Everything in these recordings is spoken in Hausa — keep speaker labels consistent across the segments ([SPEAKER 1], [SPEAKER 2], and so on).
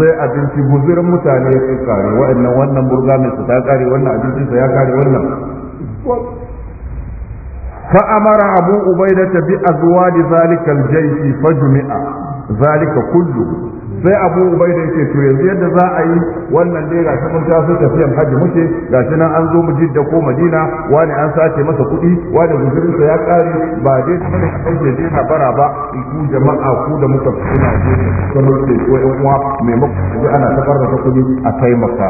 [SPEAKER 1] sai abinci guzurin mutane ya kare wa'annan wannan burga mai su ta kare wannan abincinsa ya kare wannan فأمر أبو عبيدة بأزواج ذلك الجيش فجمع zalika كله sai abu ubai da yake to yanzu yadda za a yi wannan dai gashi mun taso tafiyan haji muke gashi nan an zo mu jidda ko madina wani an sace masa kuɗi wani sa ya kare ba dai ta bane a kai dai na bara ba ku jama'a ku da muka kuna suna je kamar ke ko ƴan uwa maimakon ana tabar da kuɗi a kai taimaka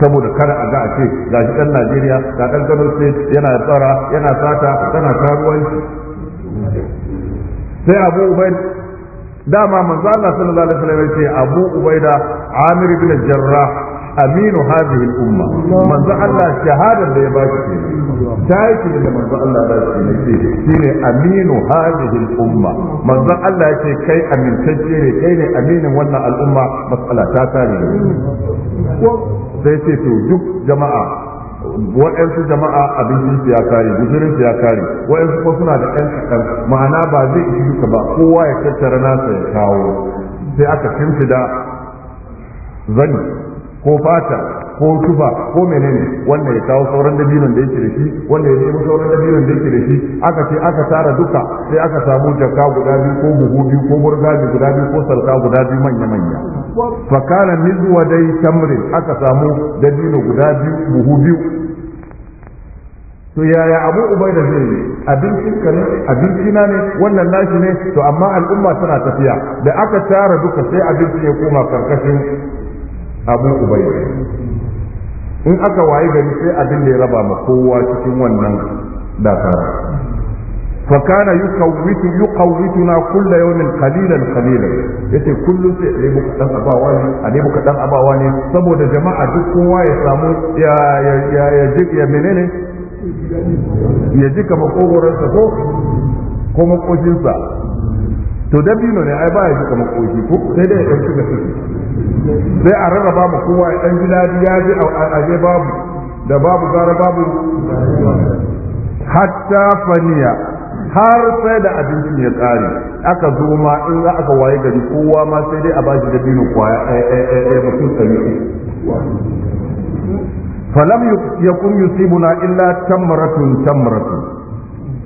[SPEAKER 1] saboda kada a ga a ce gashi ɗan Najeriya ga ɗan Kano State yana tsara yana sata tana karuwanci sai abu ubai dama manzo Allah sallallahu alaihi wasallam yace Abu Ubaida Amir bin Jarrah aminu hadhihi al-umma manzo Allah shahadar da ya ba shi taki da manzo Allah ba shi ne shine aminu hadhihi al-umma manzo Allah yace kai amintacce ne kai ne aminin wannan al'umma mas'ala ta sai ce to duk jama'a waɗansu jama'a abincin su ya kare guzurin su ya kare waɗansu kuma suna da ɗan kaɗan ma'ana ba zai ishi duka ba kowa ya tattara nasa ya kawo sai aka da zani ko fata ko tufa ko menene wanda ya kawo sauran dabinon da yake da shi wanda ya nemi sauran dabinon da yake da shi aka ce aka tara duka sai aka samu jaka guda biyu ko buhu biyu ko burga guda biyu ko salka guda biyu manya-manya fa kana dai tamrin aka samu dabino guda biyu buhu biyu to yaya abu ubai da zai abincin ka ne abinci na ne wannan nashi ne to amma al'umma tana tafiya da aka tara duka sai abinci ya koma karkashin abu ubai in aka wayi gari sai abin da ya raba ma kowa cikin wannan dakara فكان يقوت يقوتنا كل يوم قليلا قليلا yace kullum sai a nemi kaɗan abawa ne a nemi kaɗan abawa ne saboda jama'a duk kowa ya samu ya ya ya ya ya menene ya ji kama kogoransa ko ko makoshinsa to dabino ne ai ba ya ji kama koshi ko sai dai ya shiga ciki sai a rarraba mu kowa ya dan ji ya ji a babu da babu gara babu hatta faniya har sai da abincin ya kare aka zo ma in za aka waye gari kowa ma sai dai a bashi da bino kwaya ɗaya eh, eh, eh, mutum ɗari falam yakun yusibuna illa tamratun tamratun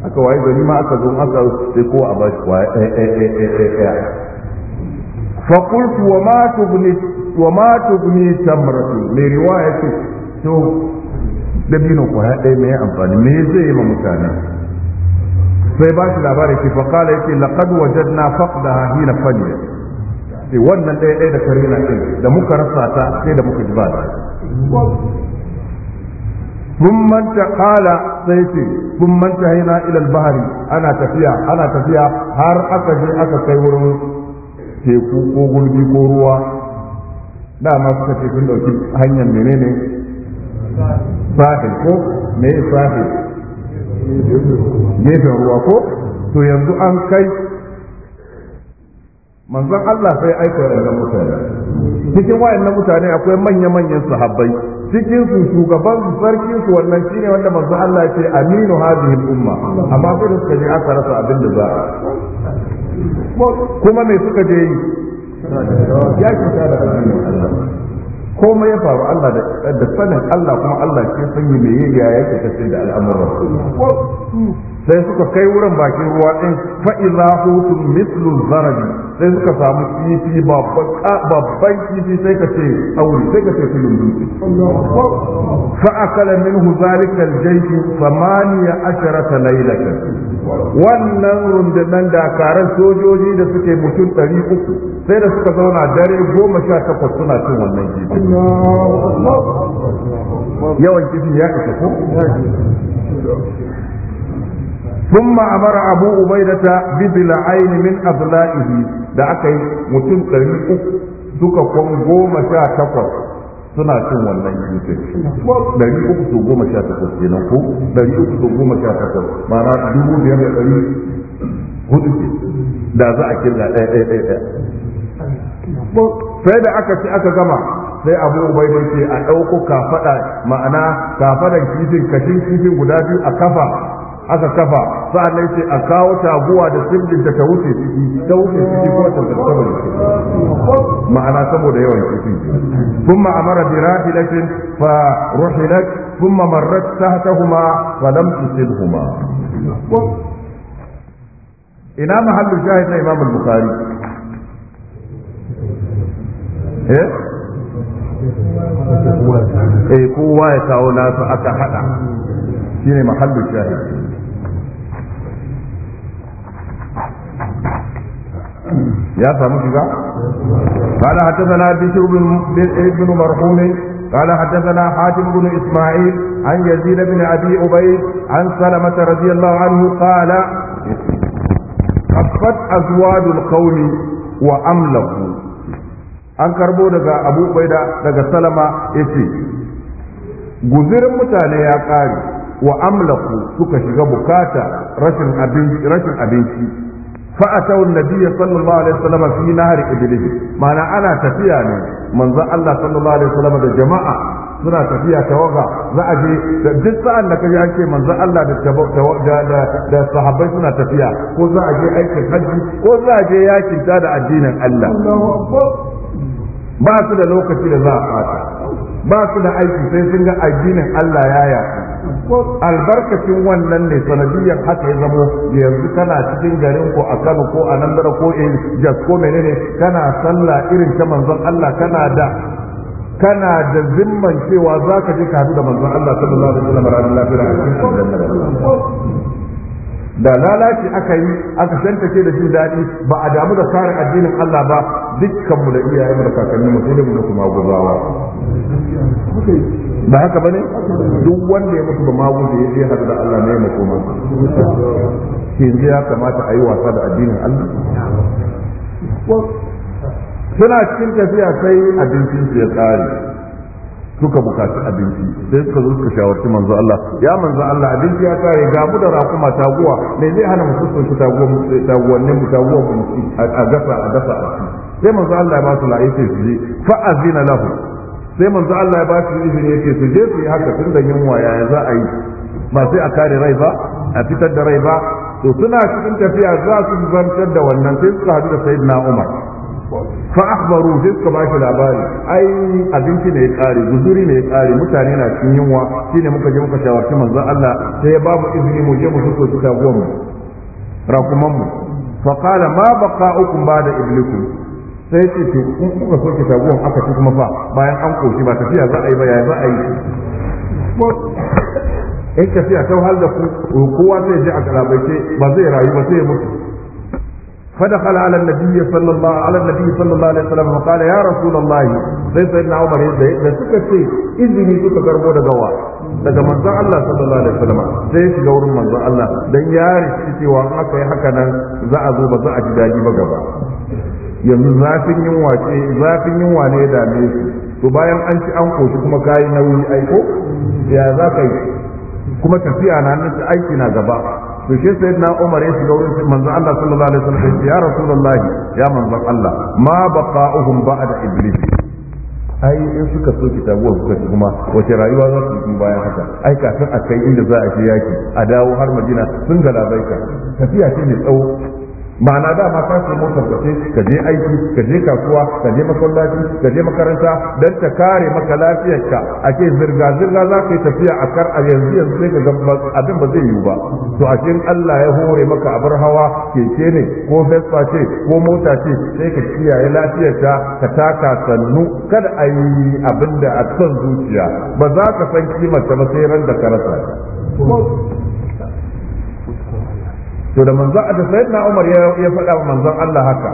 [SPEAKER 1] aka waye gari ma aka zo aka sai kowa a bashi kwaya ɗaya fa qultu wa ma tubni wa ma tubni tamratun mai riwaya ce to da bino kwaya ɗaya mai amfani me zai yi ma mutane sai ba shi labari ke faƙala yake laqad wajadna faqdaha hina fadiya sai wannan ɗaya ɗaya da karina ɗin da muka rasa ta sai da muka ji ba ثم قال سيتي ثم انتهينا الى البحر ana tafiya ana tafiya har aka je aka kai wurin teku ko gulbi ko ruwa dama suka ce sun dauki hanyar menene sahil ko me sahil gefen ruwa ko to yanzu an kai manzon Allah sai aika wayannan mutane cikin na mutane akwai manya-manyan sahabbai cikin su shugaban su sarkin su wannan shine wanda manzon Allah ce aminu hadhihi umma amma ko da suka je aka rasa abin da za kuma me suka je yi ya kyauta da Allah komai ya faru Allah da sanin Allah kuma Allah ke san yi meye ya yake kace da al'amuran sai suka kai wurin bakin ruwa din fa idza zarabi sai suka samu kifi babban kifi sai ka ce wuri sai ka ce filin dutse fa min huzarikar jaiki aljaysh samaniya asharata laylata wannan rundunan dakarar sojoji da suke mutum uku sai da suka zauna dare goma sha takwas suna cin wannan kifi yawan kifi ya isa ko ثم أمر أبو عبيدة بضلعين من أبلائه da aka yi mutum ɗari uku duka kwan goma sha takwas suna cin wannan yusuf ɗari uku su goma sha takwas ke nan ko ɗari uku su goma sha takwas ma'ana dubu biyar da ɗari hudu ke da za a kirga ɗaya ɗaya ɗaya ɗaya sai da aka ci aka gama sai abu bai da ce a ɗauko kafaɗa ma'ana kafaɗan kifin kashin kifin guda biyu a kafa aka kafa sa'annan sai a kawo taguwa da sirdin da ta wuce ciki ta wuce ciki ko ta tattaba da ciki ma'ana saboda yawan ciki kuma amara bi rahilatin fa ruhilat kuma marrat tahtahuma fa lam tusibhuma ina mahallu shahid na imam al-bukhari eh eh kowa ya kawo nasu aka hada shine mahallu shahid ya samu shiga قال حدثنا بشر بن ابن مرحوم قال حدثنا حاتم بن اسماعيل An يزيد بن ابي عبيد عن سلمة رضي الله عنه قال خفت ازواج القوم واملقوا an karbo daga abu baida daga salama ya ce guzirin mutane ya ƙare wa amlaku suka shiga bukata rashin abinci فأتوا النبي صلى الله عليه وسلم في نهر إبليس معنى أنا تفيا يعني من ذا الله صلى الله عليه وسلم ده جماعة suna tafiya tawaga za a je da duk sa'an da kaji ake ce manzo Allah da da sahabbai suna tafiya ko za a je aikin hajji ko za a je yakin ta da addinin Allah ba su da lokaci da za a fata ba su da aiki sai sun ga addinin Allah ya yaku albarkacin wannan ne sanadiyar haka ya zamo yanzu kana cikin garin ko a Kano ko a Nandara ko in eh, jas ko menene kana sallah irin ta manzon Allah kana da kana da zimman cewa zaka je ka hadu da manzon Allah sallallahu alaihi wasallam ranar lafiya a cikin da lalaci aka yi aka shantace da jin daɗi ba a damu da tsarin addinin Allah ba dukkan mu da iyayen da kakanni mu sai da mu kuma gudawa ba haka bane duk wanda ya mutu ba gudu ya je hadu da Allah ne ya kuma shi ne ya kamata a yi wasa da addinin Allah suna cikin tafiya sai abincin su ya tsare suka bukaci abinci sai suka zo suka shawarci manzo Allah ya manzo Allah abinci ya kare ga mu da rakuma taguwa ne zai hana mu sun su taguwa mu sai eh, taguwa ne mu taguwa mu a gasa a gasa sai manzo Allah ya ba su la'ayi sai su je fa azina lahu sai manzo Allah ya ba su izini yake su je su yi haka tun da yunwa yaya za a yi ba sai a kare rai ba a fitar da rai ba to suna cikin tafiya za su zantar da wannan sai suka hadu da sayyidina Umar fa akhbaru sai suka ba labari ai abinci ne ya kare guzuri ne ya kare mutane na cikin yunwa shine muka je muka shawarci manzo Allah sai ya babu izini mu je mu suko su taguwan mu rakuman mu fa qala ma baqa'ukum ba'da iblikum sai ce to in kuka soke taguwan aka ci kuma fa bayan an koshi ba tafiya za a yi ba ya za a yi in tafiya ta har da ku kowa zai je a galabaice ba zai rayu ba sai ya mutu فدخل على النبي صلى الله على النبي صلى الله عليه وسلم وقال يا رسول الله sai sai na Umar da suka ce izini suka karbo daga wa daga manzon Allah sallallahu alaihi wasallam sai shiga wurin manzon Allah dan ya rishi cewa in aka yi haka nan za a zo ba za a ji daji ba gaba yanzu zafin yunwa ce zafin yunwa ne ya dame su to bayan an ci an koshi kuma kayi nauyi aiko ya za ka yi kuma tafiya na nan aiki na gaba to shi sai na Umar ya shiga wurin manzo Allah sallallahu alaihi wasallam ya Rasulullah ya manzo Allah ma baqa'uhum ba'da iblis ai in suka so tabuwa suka ci kuma wace rayuwa za su yi bayan haka ai kafin a kai inda za a je yaki a dawo har Madina sun galabaita tafiya ce mai tsawo ma'ana dama ka ce motar ka je aiki ka je kasuwa ka je masallaci ka je makaranta dan ta kare maka lafiyarka ake zirga zirga za ka yi tafiya a kar a yanzu yanzu sai ka ga abin ba zai yiwu ba to a cikin Allah ya hore maka abar hawa keke ne ko Vespa ce ko mota ce sai ka kiyaye lafiyarka ka taka sannu kada a yi abin a son zuciya ba za ka san kimar ta ba sai ran da ka rasa to da manzon Allah sayyidina Umar ya faɗa wa manzon Allah haka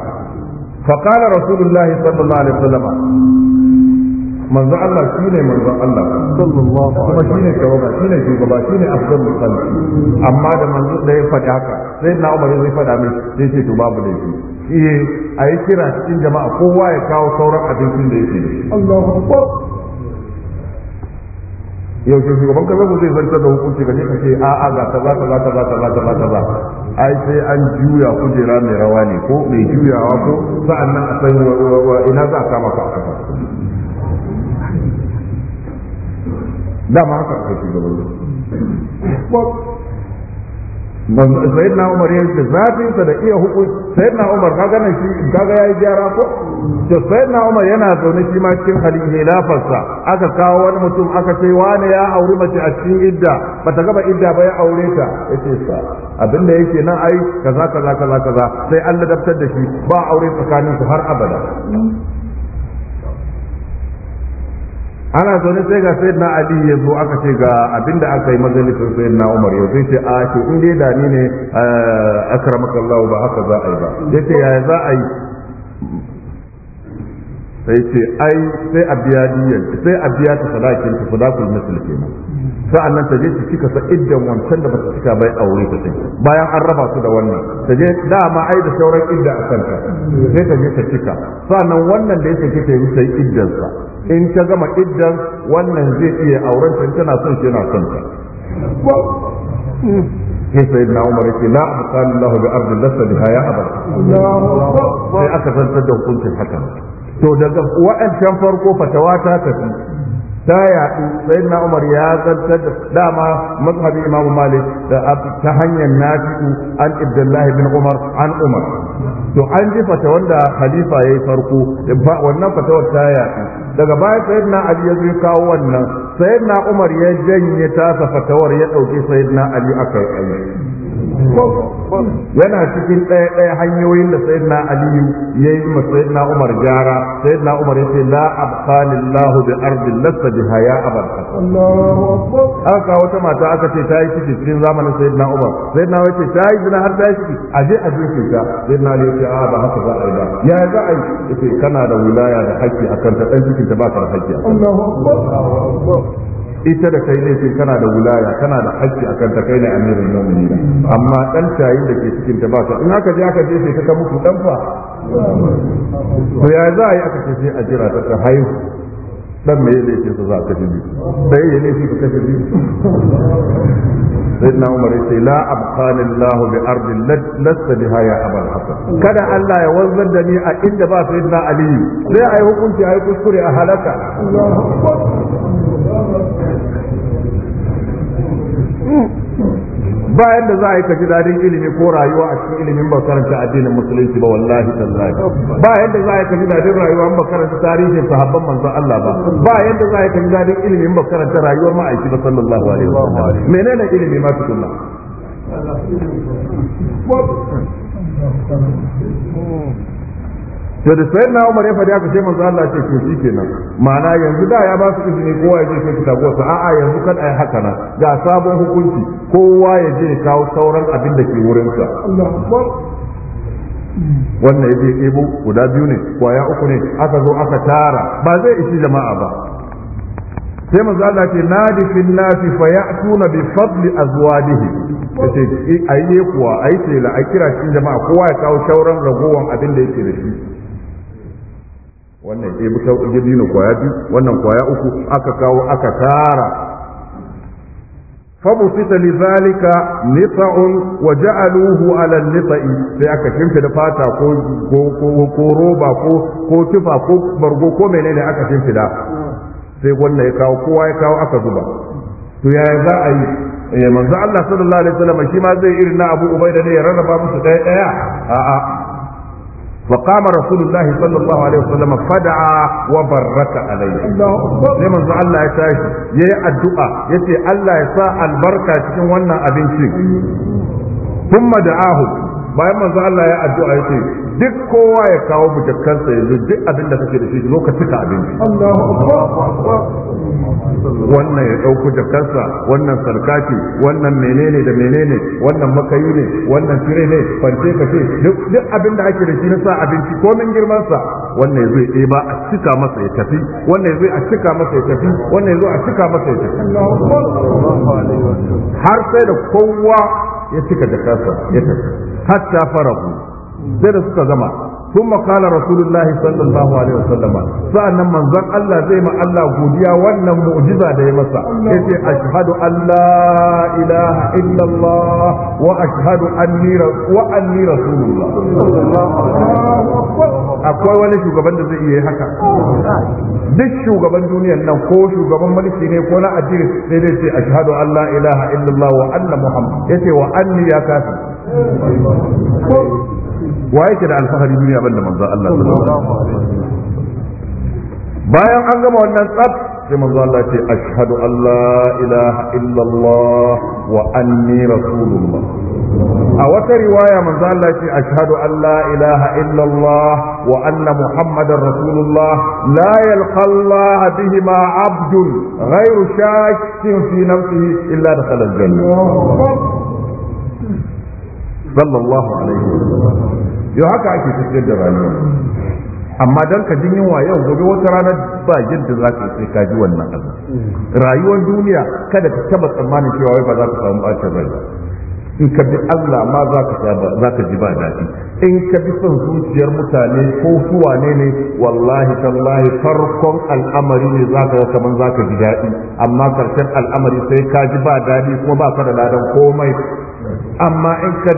[SPEAKER 1] fa qala rasulullahi sallallahu alaihi wasallam manzo Allah shine manzo Allah sallallahu kuma shine shawaba shine shugaba shine afdalul khalq amma da manzo da ya faɗi haka sai na Umar zai faɗa mai sai ce to babu laifi shi a yi kira cikin jama'a kowa ya kawo sauran abincin da yake Allahu akbar yau shugaban kaza zai zartar da hukunci ka ne kace a a ga kaza kaza kaza kaza kaza ai sai an juya kujera mai rawa ne ko mai juyawa ko sa'annan a san ina za a kama ka a kafa dama haka aka shi gaban manzo sayyidina Umar ya ce zafin sa da iya hukunci sayyidina Umar kaga ganin shi kaga yayi gyara ko to sayyidina Umar yana zaune shi ma cikin halin hilafarsa aka kawo wani mutum aka ce wani ya auri mace a cikin idda bata gaba idda ba ya aure ta yace sa abin da yake nan ai kaza kaza kaza kaza sai Allah ladabtar da shi ba aure tsakanin su har abada ana zaune sai ga na ali ya zo aka ce ga abinda aka yi majalisar na umar ya sai ce a ce in dai dani ne eh, Allah ba haka za a yi ba yace yaya za a yi sai ce ai sai a biya diyan sai a biya ta sadakin ta sadakul musulmi kenan nan ta je ta cika sa iddan wancan da bata cika bai aure ta sai bayan an raba su da wannan ta je dama ai da sauran idda a kanta sai ta je ta cika sa'annan wannan da ya kike ta yi sai iddan sa in ka gama iddan wannan zai iya auren ta tana son shi na son ta sai sai na umar yake la aqala bi ardin lasa biha ya abada sai aka zantar da hukuncin haka to daga wa'ancan farko fatawa ta tafi ta yaɗu sai na umar ya zartar da dama mazhabin imam malik da ta hanyar nafi'u an Abdullahi bin umar an umar to an ji fata wanda khalifa ya yi farko wannan fatawar ta yaɗu daga baya sai na ali ya zai kawo wannan sai umar ya janye tasa fatawar ya ɗauki sai na ali akan yana cikin ɗaya ɗaya hanyoyin da sayyidina aliyu ya yi ma sayyidina umar gyara sayyidina umar ya ce la abqani lahu bi ardin lasta haya ya An aka wata mata aka ce ta yi ciki cikin zamanin sayyidina umar sayyidina na wace ta yi zina har ta yi ciki a je a je ta sayyidina aliyu ce a ba haka za a yi ba ya za a yi yace kana da wilaya da haƙƙi akan ta ɗan cikin ta ba ka da haƙƙi akan ita da kai laifin kana da wulaya kana da hakki akan ta kai ne amirin mu'minina amma dan tayin da ke cikin ta ba su in aka je aka je sai ka muku dan fa to ya za a yi aka ce sai a jira ta ta haihu dan me yake sa za ka ji sai ya shi ka kace ji sayyidina umar yace la abqani allah bi ardi lasta biha ya abul hasan kada allah ya wanzar da ni a inda ba sayyidina ali sai ai hukunci ai kuskure a halaka ba yadda za a yi kaji dadin ilimi ko rayuwa a cikin ilimin ba karanta addinin musulunci ba wallahi tallahi ba yadda za a yi kaji dadin rayuwa ba karanta tarihin sahabban manzo Allah ba ba yadda za a yi kaji dadin ilimi ba karanta rayuwar ma'aiki ba sallallahu alaihi wa sallam menene ilimi ma tukunna to da sayar na umar ya faɗi aka ce manzo Allah ce to shi kenan ma'ana yanzu da ya ba su izini kowa ya je sai kitabu wasu a'a yanzu kan ai haka na ga sabon hukunci kowa ya je kawo sauran abin da ke wurin sa wannan ya je ebo guda biyu ne kwaya uku ne aka zo aka tara ba zai isi jama'a ba sai manzo Allah ce nadi fil nasi fa ya'tuna bi fadli azwajihi yace eh, ayi kuwa ayi tela a kira cikin jama'a kowa ya kawo sauran ragowan abin da yake da shi wannan ɗaya bisa jirgin kwaya biyu wannan kwaya uku aka kawo aka tara فبسط لذلك نطع وجعلوه على nita'i sai aka shimfida fata ko ko roba ko ko tufa ko bargo ko menene aka shimfida sai wannan ya kawo kowa ya kawo aka zuba to yaya za a yi eh, manzo Allah sallallahu alaihi wasallam shi ma zai irin na Abu Ubaida ne ya rarraba musu daya daya a'a وقام رسول الله صلى الله عليه وسلم فدعا وبرك عليه sai manzo Allah ya tashi yayi addu'a yace Allah ya sa albarka cikin wannan abincin kuma da'ahu bayan manzo Allah ya addu'a duk kowa ya kawo bujakkansa yanzu duk abin da kake da shi lokaci ka cika abin wannan ya ɗauko jakarsa wannan sarkaki wannan menene da menene wannan makayi ne wannan fire ne ka ce duk abin da ake da shi na sa abinci komin girmansa wannan zai ba a cika masa ya tafi wannan zai a cika masa ya tafi wannan zai a cika masa ya tafi har sai da kowa ya cika jakarsa ya tafi har ta fara sai da suka gama sun makala رسول sallallahu alaihi wasallam عليه nan manzon Allah zai ma Allah godiya wannan mu'jiza da ya masa yace ashhadu an la ilaha illa Allah wa ashhadu anni wa anni rasulullah akwai wani shugaban da zai iya yi haka duk shugaban duniyar nan ko shugaban mulki ne ko na addini sai dai ce ashhadu an la ilaha illallah wa anna muhammad yace wa anni ya kafi wa yake da alfahari duniya ban da manzo Allah bayan an gama wannan tsaf sai manzo Allah ce ashhadu an la ilaha illallah wa anni rasulullah a wata riwaya manzo Allah ce ashhadu an la ilaha illallah wa anna muhammadar rasulullah la yalqa Allah bihima abdun ghayru shakkin fi nafsihi illa dakhala al-jannah sallallahu alaihi yau haka ake tafiyar da rayuwa amma dan ka jin yunwa yau gobe wata rana ba yadda za ka sai ka ji wannan abu rayuwar duniya kada ka taba tsammanin cewa wai ba za ka samu bacin rai in ka bi Allah ma za ka ji ba daɗi in ka bi son zuciyar mutane ko suwa ne ne wallahi tallahi farkon al'amari ne za ka kaman za ka ji daɗi amma karshen al'amari sai ka ji ba daɗi kuma ba ka da ladan komai amma in ka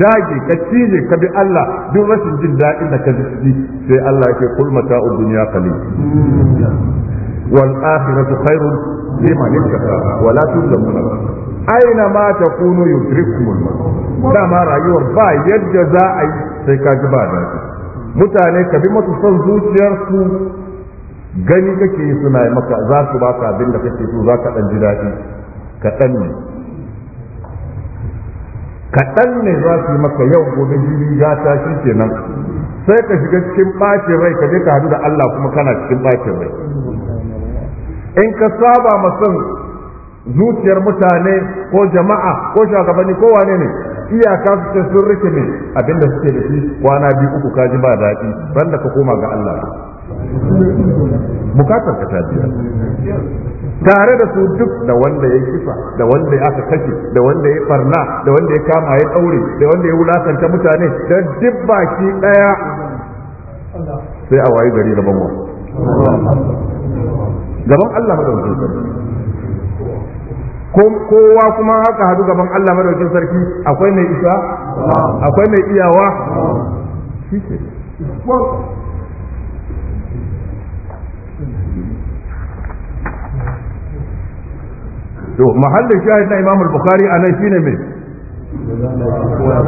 [SPEAKER 1] dage ka cije ka bi Allah duk rashin jin daɗin da ka ji sai Allah yake kul mata'ud dunya qalil wal akhiratu khairun liman ittaka wa la tuzlamuna aina ma takunu yudrikumul maut dama rayuwar ba yadda za a yi sai ka ji ba daɗi mutane ka bi masu son zuciyarsu gani kake suna maka za su baka abin da kake so za ka ɗan ji daɗi ka ɗan ne kaɗan ne za su yi maka yau gobe jini za ta shi kenan sai ka shiga cikin ɓacin rai ka je ka hadu da Allah kuma kana cikin ɓacin rai in ka saba ma son zuciyar mutane ko jama'a ko shugabanni ko wane ne iyaka su ce sun rike ne abinda suke da shi kwana biyu uku ka ji ba daɗi banda ka koma ga Allah bukatar ka ta biya tare da su duk da wanda ya kifa da wanda ya aka kashe da wanda ya farna da wanda ya kama ya daure da wanda ya wulakanta mutane da duk baki daya sai a wayi gari gaban wa gaban Allah madaukakin sarki kowa kuma haka hadu gaban Allah madaukakin sarki akwai mai isa akwai mai iyawa shi to mahallin shahid na imam al-bukhari anan shine me